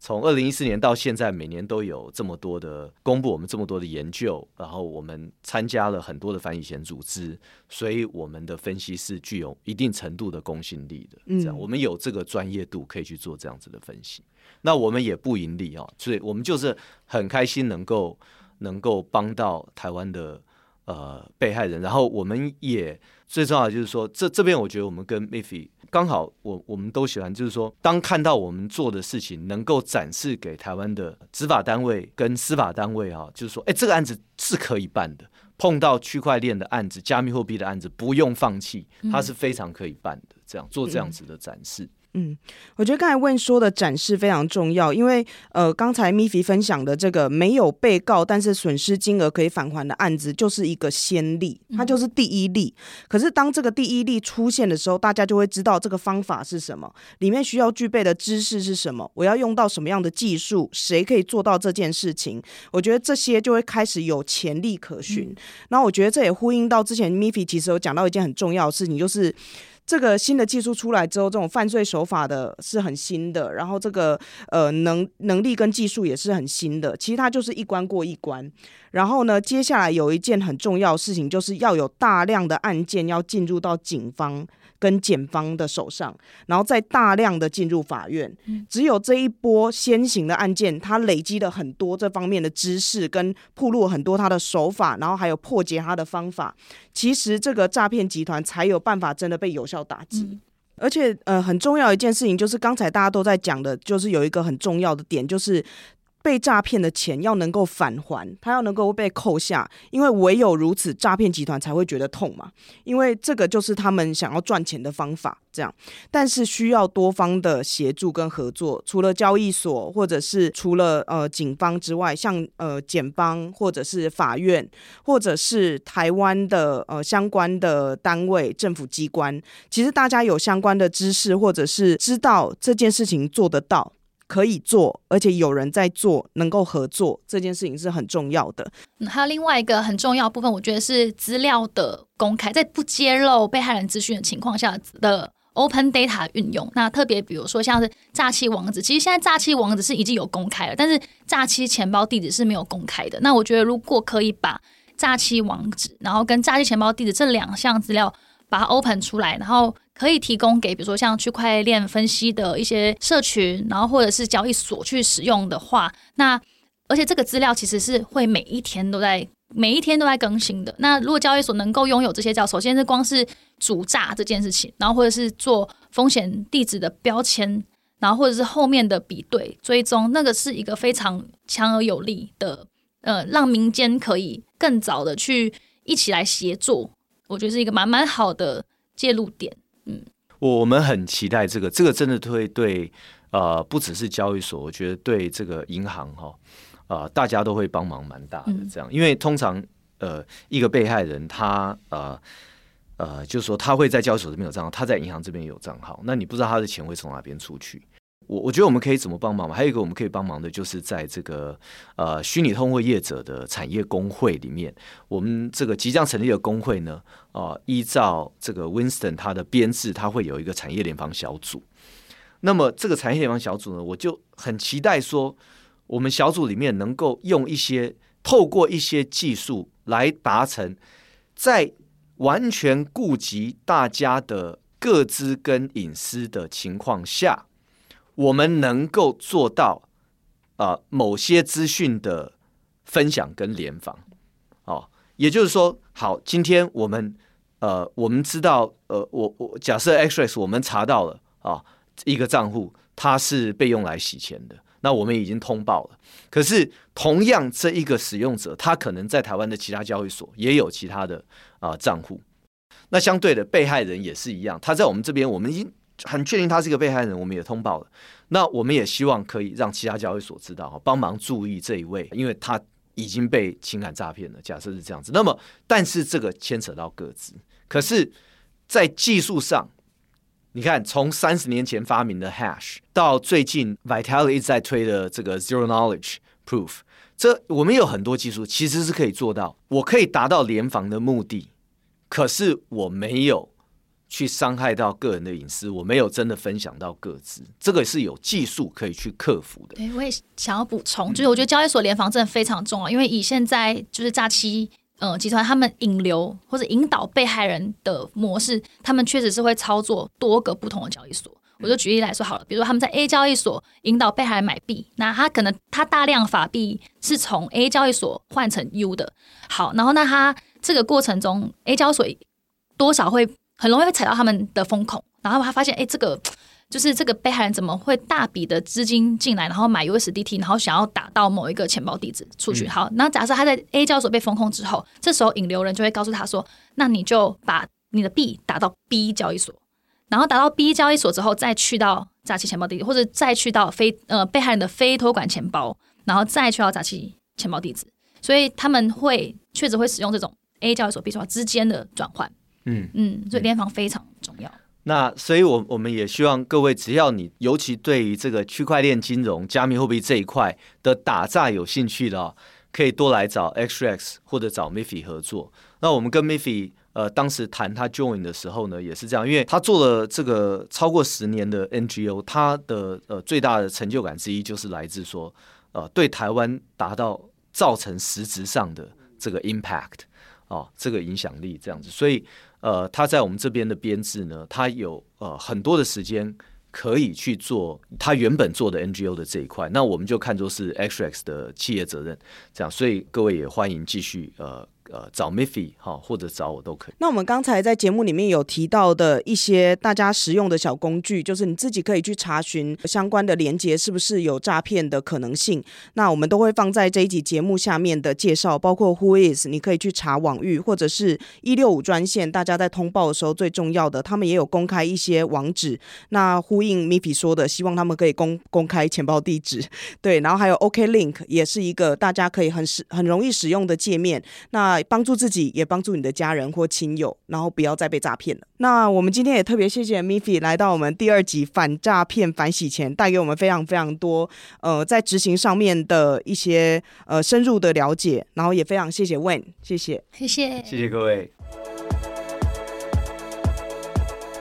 從二零一四年到現在，每年都有這麼多的公布，我們這麼多的研究，然後我們參加了很多的反洗錢組織，所以我們的分析是具有一定程度的公信力的。這樣，嗯，我們有這個專業度可以去做這樣子的分析。那我們也不盈利啊，哦，所以我們就是很開心能夠能夠幫到台灣的。呃，被害人，然後我們也最重要的就是說，這這邊我覺得我們跟 Miffy 剛好我，我我們都喜歡，就是說，當看到我們做的事情能夠展示給台灣的執法單位跟司法單位啊、哦，就是說，哎、欸，這個案子是可以辦的，碰到區塊鏈的案子、加密貨幣的案子，不用放棄，它是非常可以辦的，這樣做這樣子的展示。嗯。嗯，我覺得剛才問說的展示非常重要，因為呃，剛才 Miffy 分享的這個沒有被告但是損失金額可以返還的案子，就是一個先例，它就是第一例。嗯、可是當這個第一例出現的時候，大家就會知道這個方法是什麼，裡面需要具備的知識是什麼，我要用到什麼樣的技術，誰可以做到這件事情？我覺得這些就會開始有前例可循。那、嗯、我覺得這也呼應到之前 Miffy 其實有講到一件很重要的事情，就是。這個新的技術出來之後，這種犯罪手法的是很新的，然後這個呃能能力跟技術也是很新的。其實它就是一關過一關，然後呢，接下來有一件很重要的事情，就是要有大量的案件要進入到警方跟檢方的手上，然後再大量的進入法院，只有這一波先行的案件，它累積了很多這方面的知識，跟鋪路很多它的手法，然後還有破解它的方法，其實這個詐騙集團才有辦法真的被有效打擊。嗯、而且，呃，很重要一件事情就是剛才大家都在講的，就是有一個很重要的點，就是。被詐騙的錢要能夠返還，他要能夠被扣下，因為唯有如此，詐騙集團才會覺得痛嘛。因為這個就是他們想要賺錢的方法，這樣。但是需要多方的協助跟合作，除了交易所或者是除了呃警方之外，像呃檢方或者是法院或者是台灣的呃相關的單位、政府機關，其實大家有相關的知識或者是知道這件事情做得到，可以做，而且有人在做，能夠合作這件事情是很重要的。嗯，還有另外一個很重要部分，我覺得是資料的公開，在不揭露被害人資訊的情況下的 open data 運用。那特別比如說像是詐欺網址，其實現在詐欺網址是已經有公開了，但是詐欺錢包地址是沒有公開的。那我覺得如果可以把詐欺網址，然後跟詐欺錢包地址這兩項資料。把它 Open 出來，然後可以提供給比如說像區塊鏈分析的一些社群，然後或者是交易所去使用的話，那而且這個資料其實是會每一天都在每一天都在更新的。那如果交易所能夠擁有這些叫首先是光是阻詐這件事情，然後或者是做風險地址的標籤，然後或者是後面的比對追蹤，那個是一個非常強而有力的，呃，讓民間可以更早的去一起來協作。我覺得是一個蠻蠻好的介入點，嗯，我們很期待這個，這個真的會對呃，不只是交易所，我覺得對這個銀行哈、呃，大家都會幫忙蠻大的，這樣，嗯、因為通常呃，一個被害人他呃呃，就是說他會在交易所這邊有賬號，他在銀行這邊有賬號，那你不知道他的錢會從哪邊出去。我我覺得我們可以怎麼幫忙嘛？還有一個我們可以幫忙的，就是在這個呃虛擬通貨業者的產業工會裡面，我們這個即將成立的工會呢，啊、呃，依照這個 Winston 他的編制，他會有一個產業聯防小組。那麼這個產業聯防小組呢，我就很期待說，我們小組裡面能夠用一些透過一些技術來達成，在完全顧及大家的個資跟隱私的情況下。我們能夠做到，啊、呃，某些資訊的分享跟聯防，哦，也就是說，好，今天我們，呃，我們知道，呃，我我假設 XREX 我們查到了啊、哦，一個賬戶它是被用來洗錢的，那我們已經通報了。可是同樣這一個使用者，他可能在台灣的其他交易所也有其他的啊賬戶，那相對的被害人也是一樣，他在我們這邊，我們已經很確定他是一個被害人，我們也通報了。那我們也希望可以讓其他交易所知道，幫忙注意這一位，因為他已經被情感詐騙了。假設是這樣子，那麼但是這個牽扯到各自。可是，在技術上，你看從三十年前發明的 Hash 到最近 Vitalik 一直在推的這個 Zero Knowledge Proof，這我們有很多技術其實是可以做到，我可以達到聯防的目的，可是我沒有。去傷害到個人的隱私，我沒有真的分享到個資，這個是有技術可以去克服的。對，我也想要補充，嗯、就是我覺得交易所聯防真的非常重要，因為以現在就是詐欺嗯、呃、集團他們引流或者引導被害人的模式，他們確實是會操作多個不同的交易所。嗯、我就舉例來說好了，比如說他們在 A 交易所引導被害人買幣，那他可能他大量法幣是從 A 交易所換成 U 的，好，然後那他這個過程中 A 交易所多少會。很容易會踩到他們的風控，然後他發現，哎、欸，這個就是這個被害人怎麼會大筆的資金進來，然後買 USDT，然後想要打到某一個錢包地址出去。嗯、好，那假設他在 A 交易所被風控之後，這時候引流人就會告訴他說：“那你就把你的 B 打到 B 交易所，然後打到 B 交易所之後，再去到詐欺錢包地址，或者再去到非呃被害人的非托管錢包，然後再去到詐欺錢包地址。”所以他們會確實會使用這種 A 交易所 B 交易所之間的轉換。嗯嗯，所以聯防非常重要。嗯、那所以我，我我們也希望各位，只要你尤其對於這個區塊鏈金融、加密貨幣這一塊的打詐有興趣的，可以多來找 XREX 或者找 Miffy 合作。那我們跟 Miffy 呃，當時談他 join 的時候呢，也是這樣，因為他做了這個超過十年的 NGO，他的呃最大的成就感之一就是來自說，呃，對台灣達到造成實質上的這個 impact。哦，這個影響力這樣子，所以呃，他在我們這邊的編制呢，他有呃很多的時間可以去做他原本做的 NGO 的這一塊，那我們就看作是 XREX 的企業責任這樣，所以各位也歡迎繼續呃。呃，找 Miffy 好，或者找我都可以。那我們剛才在節目裡面有提到的一些大家實用的小工具，就是你自己可以去查詢相關的連接是不是有詐騙的可能性。那我們都會放在這一集節目下面的介紹，包括 WhoIs，你可以去查網域或者是一六五專線。大家在通報的時候最重要的，他們也有公開一些網址。那呼應 Miffy 說的，希望他們可以公公開錢包地址，對。然後還有 OK Link 也是一個大家可以很實很容易使用的界面。那幫助自己，也幫助你的家人或親友，然後不要再被詐騙了。那我們今天也特別謝謝 Miffy 來到我們第二集反詐騙反洗錢，帶給我們非常非常多呃在執行上面的一些呃深入的了解，然後也非常謝謝 Wayne，謝謝，謝謝，謝謝各位。